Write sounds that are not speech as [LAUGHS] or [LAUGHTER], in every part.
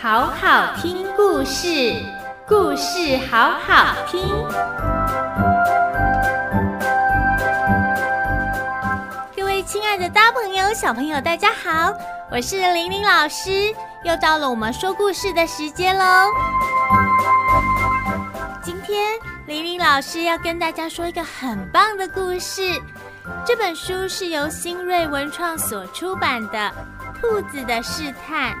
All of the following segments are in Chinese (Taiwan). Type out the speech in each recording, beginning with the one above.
好好聽故事，故事好好聽。各位親愛的大朋友、小朋友，大家好，我是玲玲老師，又到了我們說故事的時間嘍。今天。黎玲老師要跟大家說一個很棒的故事。這本書是由新銳文創所出版的《兔子的試探》，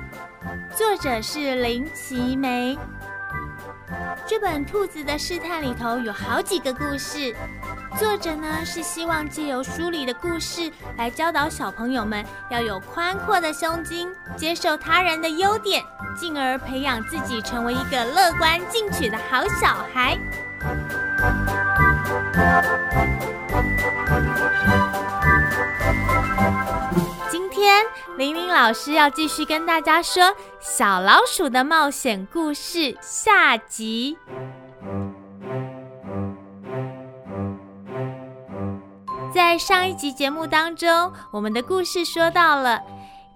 作者是林奇梅。這本《兔子的試探》裡頭有好幾個故事，作者呢是希望借由書裡的故事來教導小朋友們要有寬闊的胸襟，接受他人的優點，進而培養自己成為一個樂觀進取的好小孩。老師要繼續跟大家說小老鼠的冒險故事下集。在上一集節目當中，我們的故事說到了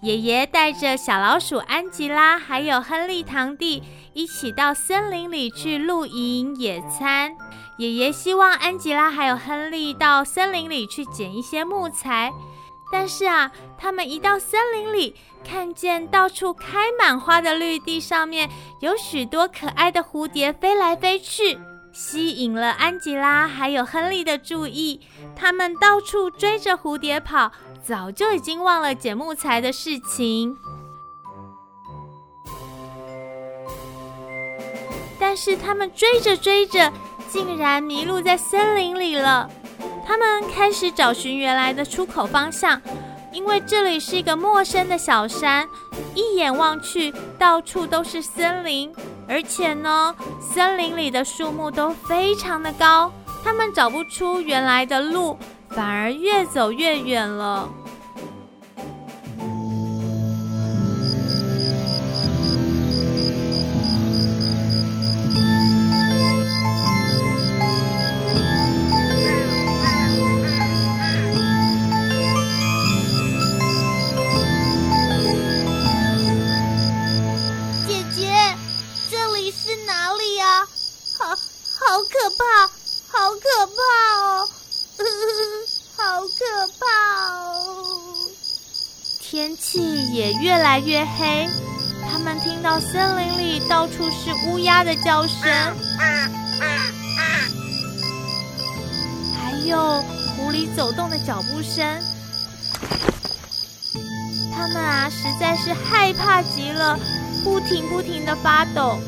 爺爺帶着小老鼠安吉拉還有亨利堂弟一起到森林裡去露營野餐。爺爺希望安吉拉還有亨利到森林裡去撿一些木材。但是啊，他們一到森林裡，看見到處開滿花的綠地，上面有許多可愛的蝴蝶飛來飛去，吸引了安吉拉還有亨利的注意。他們到處追着蝴蝶跑，早就已經忘了撿木材的事情。但是他們追着追着，竟然迷路在森林裡了。他們開始找尋原來的出口方向，因為這裡是一個陌生的小山，一眼望去到處都是森林，而且呢，森林裡的樹木都非常的高，他們找不出原來的路，反而越走越遠了。也越來越黑，他們聽到森林裡到處是烏鴉的叫聲，還有狐狸走動的腳步聲，他們啊實在是害怕極了，不停不停的發抖。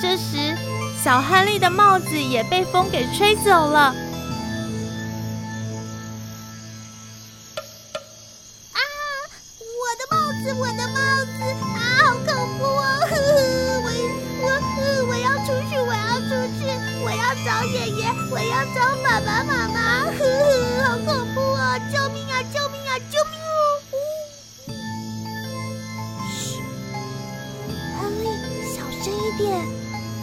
這時，小亨利的帽子也被風給吹走了。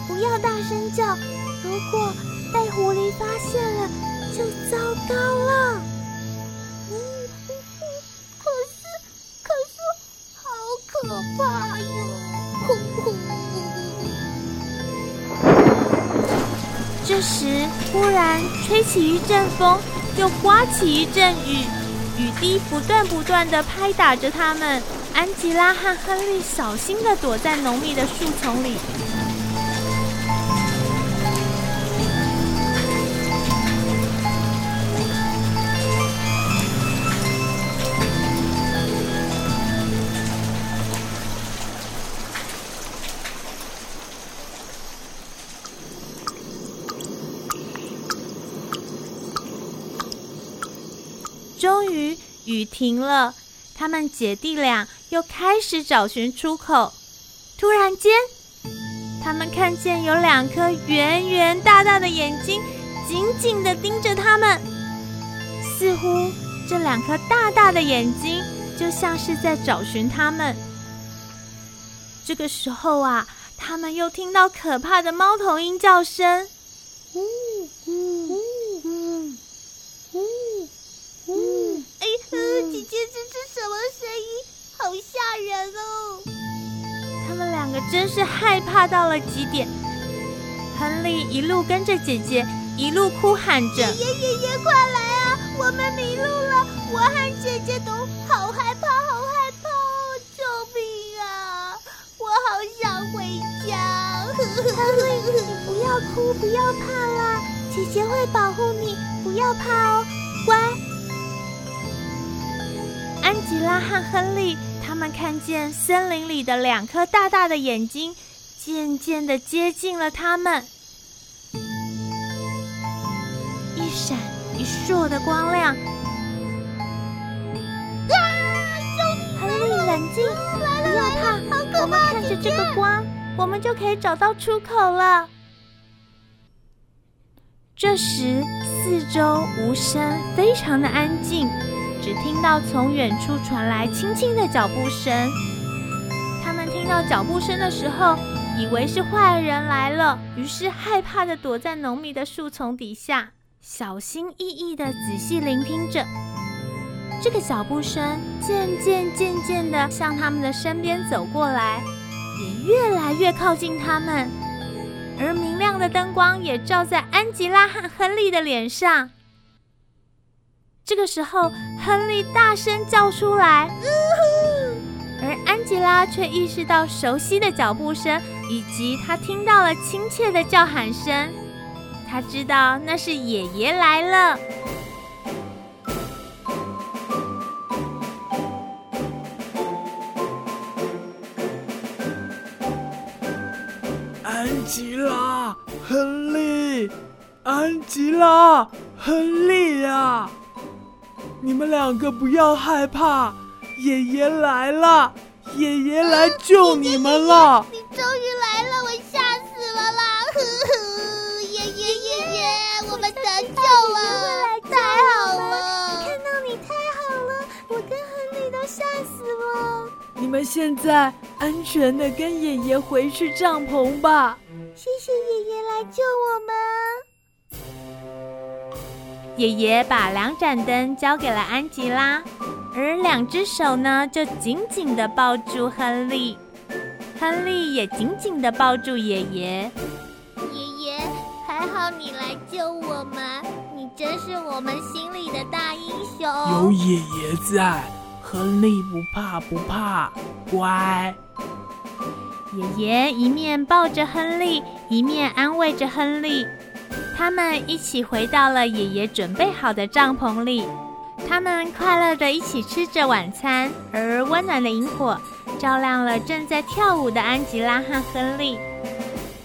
不要大聲叫！如果被狐狸發現了，就糟糕了。可是，可是，好可怕喲！ [LAUGHS] 這時，忽然吹起一陣風，又颳起一陣雨，雨滴不斷不斷的拍打着他們。安吉拉和亨利小心的躲在濃密的樹叢裡。雨停了，他們姐弟倆又開始找尋出口。突然間，他們看見有兩顆圓圓大大的眼睛緊緊地盯着他們，似乎這兩顆大大的眼睛就像是在找尋他們。這個時候啊，他們又聽到可怕的貓頭鷹叫聲，嗯。他們兩個真是害怕到了極點，亨利一路跟着姐姐，一路哭喊着：“爺爺爺爺快來啊！我們迷路了，我和姐姐都好害怕，好害怕哦！救命啊！我好想回家。”亨利，你不要哭，不要怕啦，姐姐會保護你，不要怕哦，乖。安吉拉和亨利。他們看見森林裡的兩顆大大的眼睛，漸漸的接近了他們，一閃一爍的光亮。啊！救命！安吉拉冷靜，不要怕，好可怕，我們看着這個光姐姐，我們就可以找到出口了。這時，四周無聲，非常的安靜。只聽到從遠處傳來輕輕的腳步聲。他們聽到腳步聲的時候，以為是壞人來了，於是害怕的躲在濃密的樹叢底下，小心翼翼的仔細聆聽着。這個腳步聲漸漸漸漸的向他們的身邊走過來，也越來越靠近他們。而明亮的燈光也照在安吉拉和亨利的臉上。這個時候，亨利大聲叫出來，嗚呼，而安吉拉卻意識到熟悉的腳步聲，以及他聽到了親切的叫喊聲。他知道那是爺爺來了。安吉拉，亨利，安吉拉，亨利呀！你們兩個不要害怕，爺爺來了，爺爺來救你們了！啊、爺爺爺爺你終於來了，我嚇死了啦！呵呵，爺爺爺爺，爺爺我們得救了爺爺救，太好了！你看到你太好了，我跟亨利都嚇死了。你們現在安全的跟爺爺回去帳篷吧。謝謝爺爺來救我們。爺爺把兩盞燈交給了安吉拉，而兩隻手呢，就緊緊地抱住亨利，亨利也緊緊地抱住爺爺。爺爺，還好你來救我們，你真是我們心裡的大英雄。有爺爺在，亨利不怕不怕，不怕，乖。爺爺一面抱着亨利，一面安慰着亨利。他們一起回到了爺爺準備好的帳篷裡，他們快樂地一起吃着晚餐，而溫暖的螢火照亮了正在跳舞的安吉拉和亨利。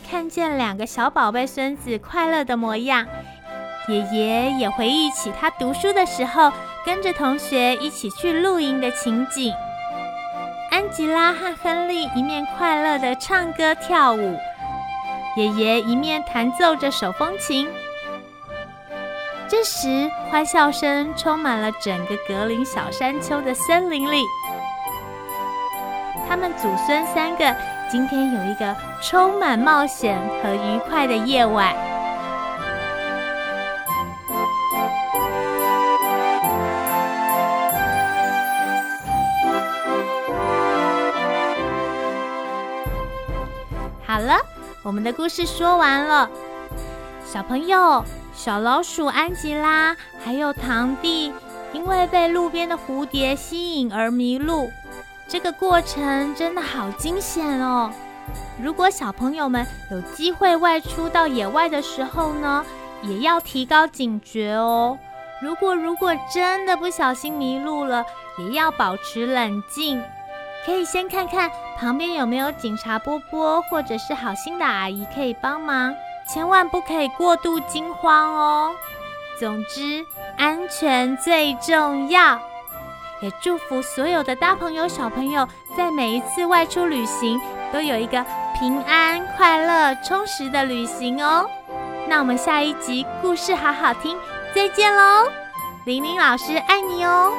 看見兩個小寶貝孫子快樂的模樣，爺爺也回憶起他讀書的時候跟着同學一起去露營的情景。安吉拉和亨利一面快樂地唱歌跳舞，爺爺一面彈奏着手風琴，這時歡笑聲充滿了整個格林小山丘的森林裡。他們祖孫三個今天有一個充滿冒險和愉快的夜晚。好了。我們的故事說完了，小朋友，小老鼠安吉拉還有堂弟，因為被路邊的蝴蝶吸引而迷路，這個過程真的好驚險哦。如果小朋友們有機會外出到野外的時候呢，也要提高警覺哦。如果，如果真的不小心迷路了，也要保持冷靜，可以先看看。旁邊有沒有警察波波，或者是好心的阿姨可以幫忙？千萬不可以過度驚慌哦。總之，安全最重要。也祝福所有的大朋友、小朋友，在每一次外出旅行都有一個平安、快樂、充實的旅行哦。那我們下一集故事好好聽，再見嘍！玲玲老師愛你哦。